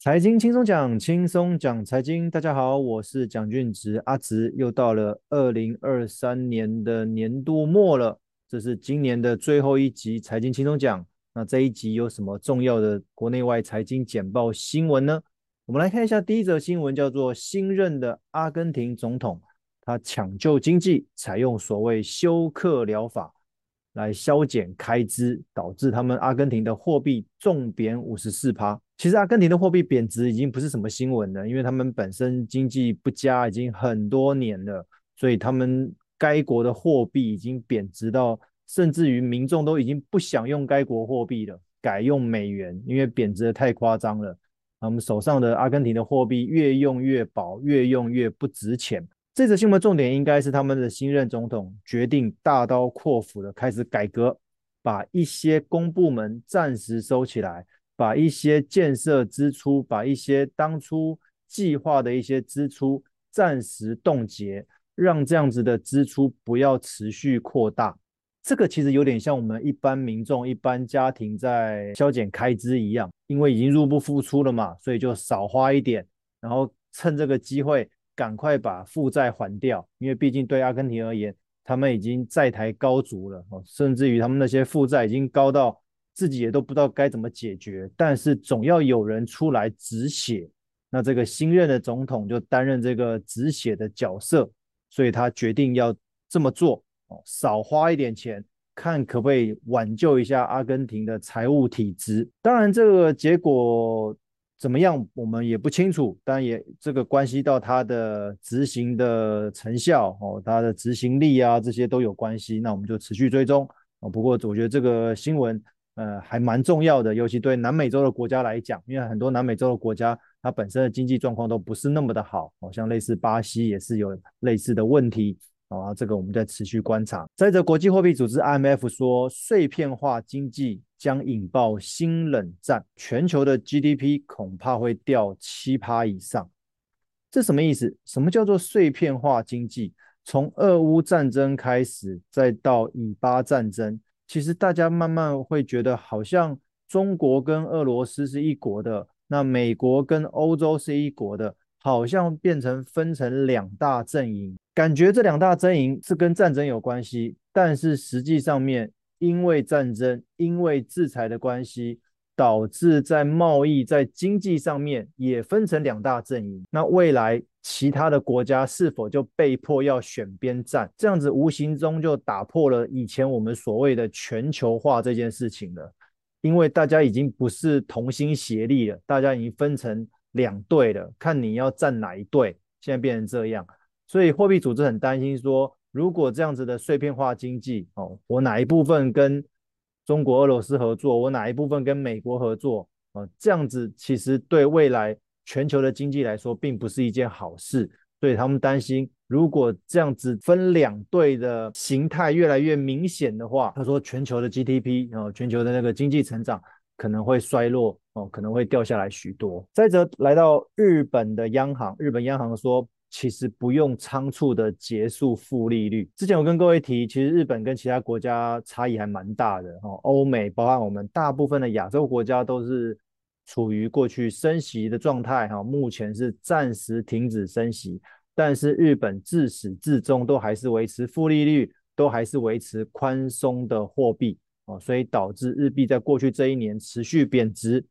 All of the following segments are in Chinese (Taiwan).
財經輕鬆講，輕鬆講財經。大家好，我是蔣俊植阿植。又到了二零二三年的年度末了，這是今年的最後一集財經輕鬆講。那這一集有什麼重要的國內外財經簡報新聞呢？我們來看一下。第一則新聞叫做新任的阿根廷總統，他搶救經濟，採用所謂休克療法來削減開支，導致他們阿根廷的貨幣重貶五十四趴。其實阿根廷的貨幣貶值已經不是什麼新聞了，因為他們本身經濟不佳已經很多年了，所以他們該國的貨幣已經貶值到，甚至於民眾都已經不想用該國貨幣了，改用美元，因為貶值的太誇張了。他們手上的阿根廷的貨幣越用越薄，越用越不值錢。這則新聞重點應該是他們的新任總統決定大刀闊斧的開始改革，把一些公部門暫時收起來。把一些建設支出，把一些當初計劃的一些支出暫時凍結，讓這樣子的支出不要持續擴大。這個其實有點像我們一般民眾、一般家庭在削減開支一樣，因為已經入不敷出了嘛，所以就少花一點，然後趁這個機會趕快把負債還掉。因為畢竟對阿根廷而言，他們已經債臺高築了，甚至於他們那些負債已經高到。自己也都不知道該怎麼解決，但是總要有人出來止血。那這個新任的總統就擔任這個止血的角色，所以他決定要這麼做，少花一點錢，看可不可以挽救一下阿根廷的財務體質。當然，這個結果怎麼樣，我們也不清楚。但也這個關係到他的執行的成效哦，他的執行力啊，這些都有關係。那我們就持續追蹤啊。不過我覺得這個新聞。呃，還蠻重要的，尤其對南美洲的國家來講，因為很多南美洲的國家，它本身的經濟狀況都不是那麼的好，哦、像類似巴西也是有類似的問題，啊、哦，這個我們再持續觀察。再者，國際貨幣組織 IMF 說，碎片化經濟將引爆新冷戰，全球的 GDP 恐怕會掉七趴以上，這什麼意思？什麼叫做碎片化經濟？從俄烏戰爭開始，再到以巴戰爭。其實大家慢慢會覺得，好像中國跟俄羅斯是一國的，那美國跟歐洲是一國的，好像變成分成兩大陣營。感覺這兩大陣營是跟戰爭有關係，但是實際上面，因為戰爭，因為制裁的關係。導致在貿易、在經濟上面也分成兩大陣營。那未來其他的國家是否就被迫要選邊站？這樣子無形中就打破了以前我們所謂的全球化這件事情了。因為大家已經不是同心協力了，大家已經分成兩隊了，看你要站哪一隊。現在變成這樣，所以貨幣組織很擔心說，如果這樣子的碎片化經濟，哦，我哪一部分跟？中國俄羅斯合作，我哪一部分跟美國合作？啊，這樣子其實對未來全球的經濟來說，並不是一件好事。所以他們擔心，如果這樣子分兩隊的形態越來越明顯的話，他說全球的 GDP 啊，全球的那個經濟成長可能會衰落哦，可能會掉下來許多。再者，來到日本的央行，日本央行說。其實不用倉促的結束負利率。之前我跟各位提，其實日本跟其他國家差異還蠻大的哦。歐美，包含我們大部分的亞洲國家，都是處於過去升息的狀態哈、哦，目前是暫時停止升息，但是日本自始至終都還是維持負利率，都還是維持寬鬆的貨幣哦，所以導致日幣在過去這一年持續貶值。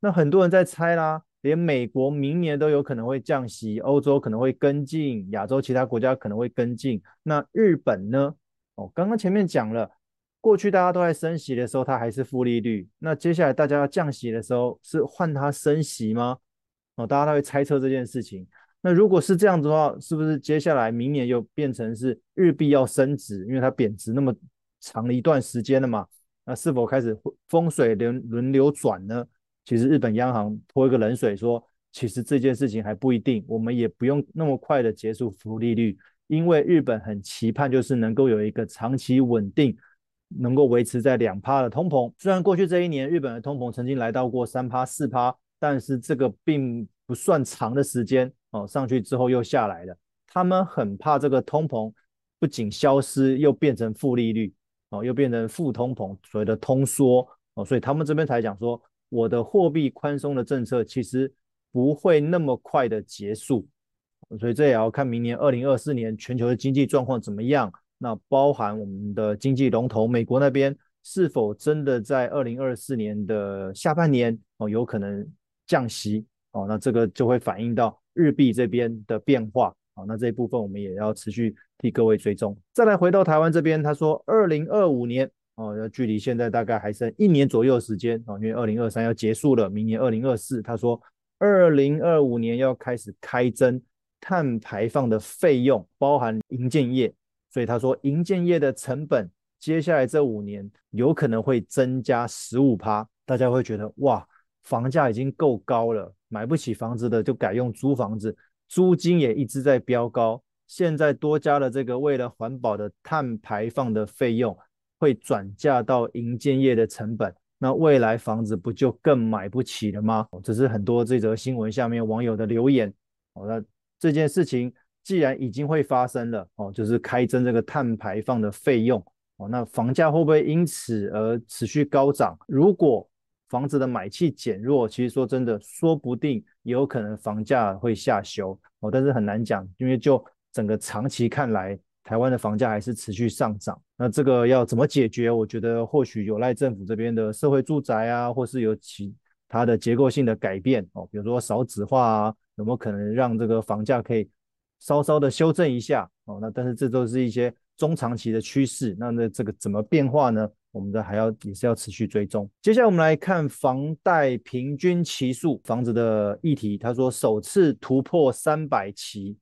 那很多人在猜啦。連美國明年都有可能會降息，歐洲可能會跟進，亞洲其他國家可能會跟進。那日本呢？哦，剛剛前面講了，過去大家都在升息的時候，它還是負利率。那接下來大家要降息的時候，是換它升息嗎？哦，大家都會猜測這件事情。那如果是這樣的話，是不是接下來明年又變成是日幣要升值，因為它貶值那麼長的一段時間了嘛？那是否開始風水輪輪流轉呢？其實日本央行潑一個冷水說，說其實這件事情還不一定，我們也不用那麼快的結束負利率，因為日本很期盼，就是能夠有一個長期穩定，能夠維持在兩趴的通膨。雖然過去這一年日本的通膨曾經來到過三趴、四趴，但是這個並不算長的時間哦，上去之後又下來了。他們很怕這個通膨不僅消失，又變成負利率哦，又變成負通膨，所謂的通縮哦，所以他們這邊才講說。我的貨幣寬鬆的政策其實不會那麼快的結束，所以這也要看明年二零二四年全球的經濟狀況怎麼樣。那包含我們的經濟龍頭美國那邊是否真的在二零二四年的下半年哦有可能降息哦，那這個就會反映到日幣這邊的變化啊。那這一部分我們也要持續替各位追蹤。再來回到台灣這邊，他說二零二五年，哦，要距離現在大概還剩一年左右時間哦，因為二零二三要結束了，明年二零二四，他說二零二五年要開始開徵碳排放的費用，包含營建業，所以他說營建業的成本接下來這五年有可能會增加十五趴，大家會覺得哇，房價已經夠高了，買不起房子的就改用租房子，租金也一直在飆高，現在多加了這個為了環保的碳排放的費用，會轉嫁到營建業的成本，那未來房子不就更買不起了嗎？這是很多這則新聞下面網友的留言。哦，那這件事情既然已經會發生了，哦，就是開徵這個碳排放的費用，哦，那房價會不會因此而持續高漲？如果房子的買氣減弱，其實說真的，說不定也有可能房價會下修。哦，但是很難講，因為就整個長期看來。台灣的房價還是持續上漲，那這個要怎麼解決？我覺得或許有賴政府這邊的社會住宅啊，或是有其他的結構性的改變哦，比如說少子化啊，有沒有可能讓這個房價可以稍稍的修正一下哦？那但是這都是一些中長期的趨勢，那那這個怎麼變化呢？我們的還要也是要持續追蹤。接下來我們來看房貸平均期數，房子的議題，他說首次突破三百期。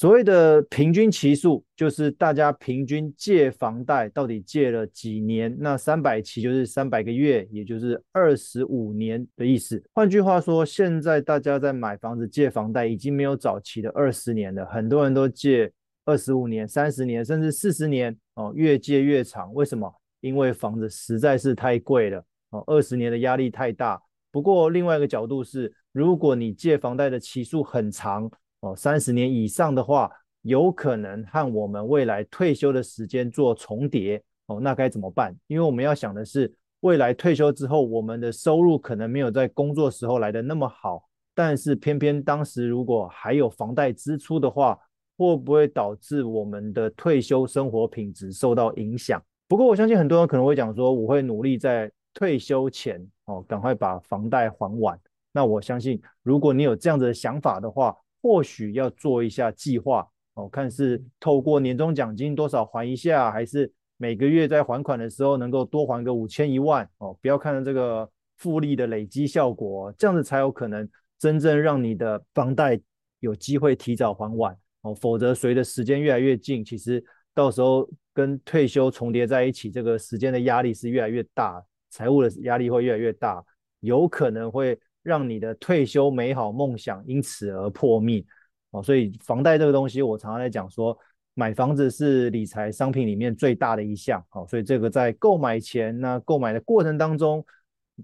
所謂的平均期數，就是大家平均借房貸到底借了幾年？那三百期就是三百個月，也就是二十五年的意思。換句話說，現在大家在買房子借房貸已經沒有早期的二十年了，很多人都借二十五年、三十年，甚至四十年哦，越借越長。為什麼？因為房子實在是太貴了哦，二十年的壓力太大。不過另外一個角度是，如果你借房貸的期數很長，哦，三十年以上的話，有可能和我們未來退休的時間做重疊哦，那該怎麼辦？因為我們要想的是，未來退休之後，我們的收入可能沒有在工作時候來得那麼好，但是偏偏當時如果還有房貸支出的話，會不會導致我們的退休生活品質受到影響？不過我相信很多人可能會講說，我會努力在退休前哦，趕快把房貸還完。那我相信，如果你有這樣子的想法的話，或許要做一下計劃哦，看是透過年終獎金多少還一下，還是每個月在還款的時候能夠多還個五千一萬哦，不要看到這個複利的累積效果，這樣子才有可能真正讓你的房貸有機會提早還完哦，否則隨着時間越來越近，其實到時候跟退休重疊在一起，這個時間的壓力是越來越大，財務的壓力會越來越大，有可能會。讓你的退休美好夢想因此而破滅，哦，所以房貸這個東西，我常常在講說，買房子是理財商品裡面最大的一項，哦，所以這個在購買前、啊，那購買的過程當中，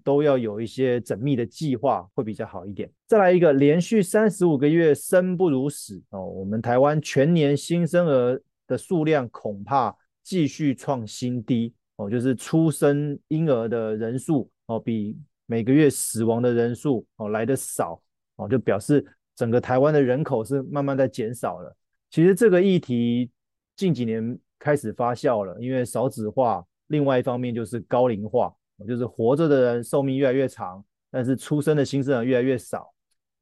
都要有一些縝密的計劃，會比較好一點。再來一個，連續三十五個月生不如死，哦，我們台灣全年新生兒的數量恐怕繼續創新低，哦，就是出生嬰兒的人數，哦，比。每個月死亡的人數哦，來得少哦，就表示整個台灣的人口是慢慢在減少了。其實這個議題近幾年開始發酵了，因為少子化，另外一方面就是高齡化，就是活着的人壽命越來越長，但是出生的新生兒越來越少。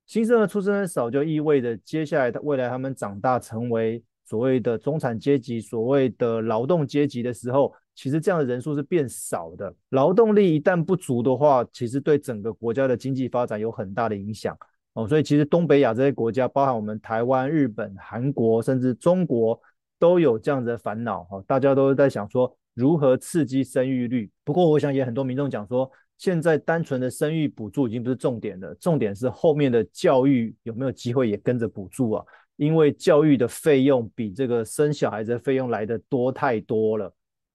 新生兒出生的少就意味着接下來他未來他們長大成為所謂的中產階級，所謂的勞動階級的時候，其實這樣的人數是變少的，勞動力一旦不足的話，其實對整個國家的經濟發展有很大的影響哦。所以其實東北亞這些國家，包含我們台灣、日本、韓國，甚至中國，都有這樣子的煩惱哈、哦。大家都在想說如何刺激生育率。不過我想也很多民眾講說，現在單純的生育補助已經不是重點了，重點是後面的教育有沒有機會也跟着補助啊？因為教育的費用比這個生小孩子的費用來得多太多了。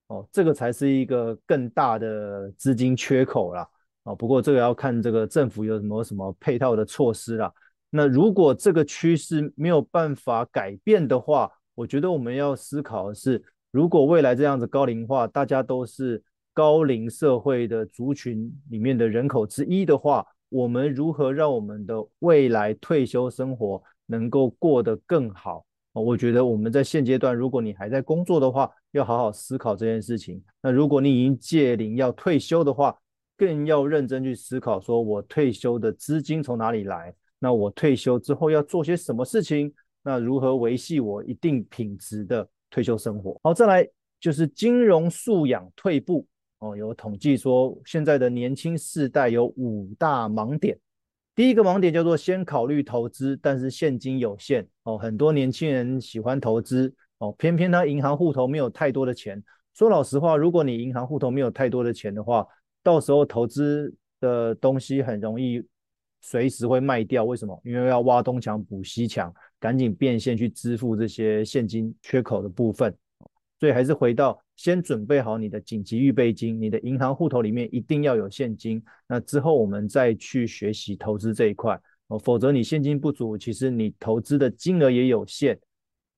哦，這個才是一個更大的資金缺口啦。啊，哦，不過這個要看這個政府有什麼什麼配套的措施啦。那如果這個趨勢沒有辦法改變的話，我覺得我們要思考的是，如果未來這樣子高齡化，大家都是高齡社會的族群裡面的人口之一的話，我們如何讓我們的未來退休生活能夠過得更好？我覺得我們在現階段，如果你還在工作的話，要好好思考這件事情。那如果你已經屆齡要退休的話，更要認真去思考，說我退休的資金從哪裡來？那我退休之後要做些什麼事情？那如何維繫我一定品質的退休生活？好，再來就是金融素養退步。哦，有統計說，現在的年輕世代有五大盲點。第一個盲點叫做先考慮投資，但是現金有限哦。很多年輕人喜歡投資哦，偏偏他銀行戶頭沒有太多的錢。說老實話，如果你銀行戶頭沒有太多的錢的話，到時候投資的東西很容易隨時會賣掉。為什麼？因為要挖東牆補西牆，趕緊變現去支付這些現金缺口的部分。所以還是回到。先準備好你的緊急預備金，你的銀行戶頭裡面一定要有現金。那之後我們再去學習投資這一塊哦，否則你現金不足，其實你投資的金額也有限。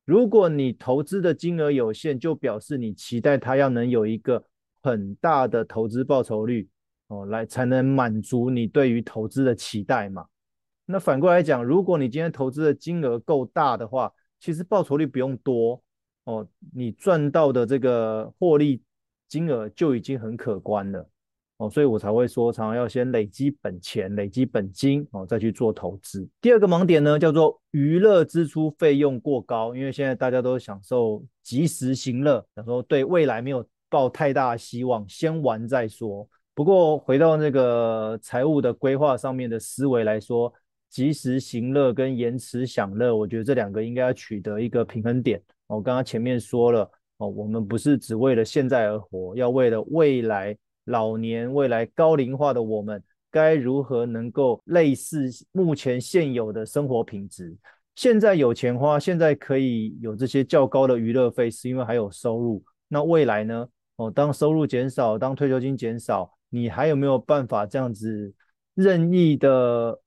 如果你投資的金額有限，就表示你期待它要能有一個很大的投資報酬率哦，來才能滿足你對於投資的期待嘛。那反過來講，如果你今天投資的金額夠大的話，其實報酬率不用多。哦，你賺到的這個獲利金額就已經很可觀了，哦，所以我才會說，常常要先累積本錢、累積本金，哦，再去做投資。第二個盲點呢，叫做娛樂支出費用過高，因為現在大家都享受及時行樂，然後對未來沒有抱太大希望，先玩再說。不過回到那個財務的規劃上面的思維來說。及時行樂跟延遲享樂，我覺得這兩個應該要取得一個平衡點。我剛剛前面說了，哦，我們不是只為了現在而活，要為了未來老年、未來高齡化的我們，該如何能夠類似目前現有的生活品質？現在有錢花，現在可以有這些較高的娛樂費，是因為還有收入。那未來呢？哦，當收入減少，當退休金減少，你還有沒有辦法這樣子任意的？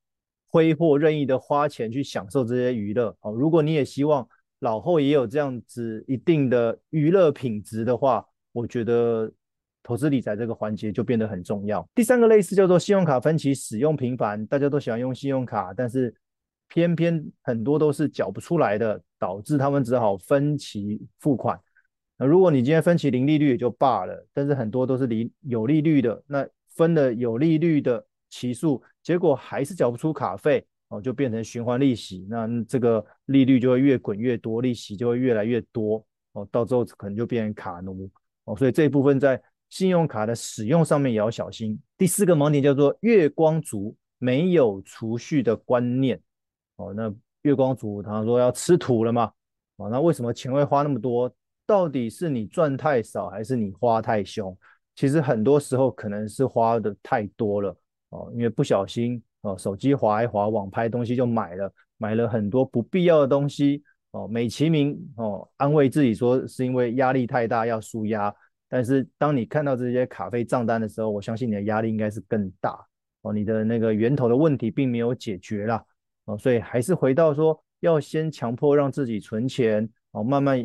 揮霍任意的花錢去享受這些娛樂，好、哦，如果你也希望老後也有這樣子一定的娛樂品質的話，我覺得投資理財這個環節就變得很重要。第三個類似叫做信用卡分期使用頻繁，大家都喜歡用信用卡，但是偏偏很多都是繳不出來的，導致他們只好分期付款。那如果你今天分期零利率也就罷了，但是很多都是零有利率的，那分的有利率的。起訴結果還是繳不出卡費哦，就變成循環利息，那這個利率就會越滾越多，利息就會越來越多哦，到最後可能就變成卡奴哦，所以這一部分在信用卡的使用上面也要小心。第四個盲點叫做月光族沒有儲蓄的觀念哦，那月光族他說要吃土了嘛，哦，那為什麼錢會花那麼多？到底是你賺太少，還是你花太凶？其實很多時候可能是花的太多了。哦，因為不小心哦，手機滑一滑，網拍東西就買了，買了很多不必要的東西哦。美其名哦，安慰自己說是因為壓力太大要舒壓，但是當你看到這些卡費賬單的時候，我相信你的壓力應該是更大哦。你的那個源頭的問題並沒有解決啦哦，所以還是回到說，要先強迫讓自己存錢哦，慢慢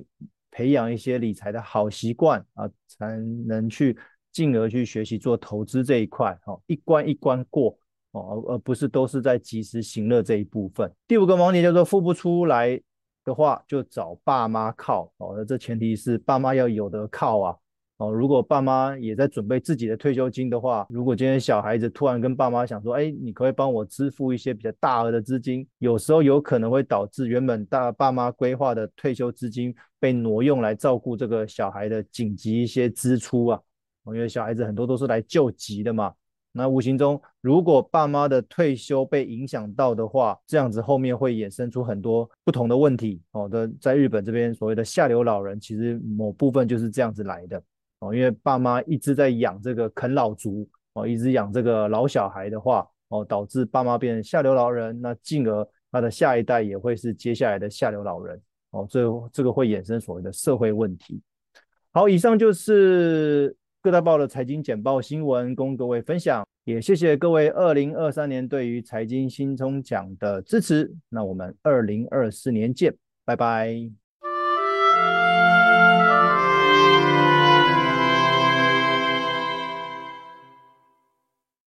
培養一些理財的好習慣啊，才能去。進而去學習做投資這一塊，哦，一關一關過，哦，而不是都是在及時行樂這一部分。第五個盲點叫做付不出來的話，就找爸媽靠，哦，這前提是爸媽要有得靠啊，哦，如果爸媽也在準備自己的退休金的話，如果今天小孩子突然跟爸媽想說，哎，你可以幫我支付一些比較大額的資金，有時候有可能會導致原本大爸媽規劃的退休資金被挪用來照顧這個小孩的緊急一些支出啊。因為小孩子很多都是來救急的嘛，那無形中如果爸媽的退休被影響到的話，這樣子後面會衍生出很多不同的問題。哦，的在日本這邊所謂的下流老人，其實某部分就是這樣子來的。哦，因為爸媽一直在養這個啃老族，哦，一直養這個老小孩的話，哦，導致爸媽變成下流老人，那進而他的下一代也會是接下來的下流老人。哦，這這個會衍生所謂的社會問題。好，以上就是。各大報的財經簡報新聞供各位分享，也謝謝各位二零二三年對於財經輕鬆講的支持。那我們二零二四年見，拜拜。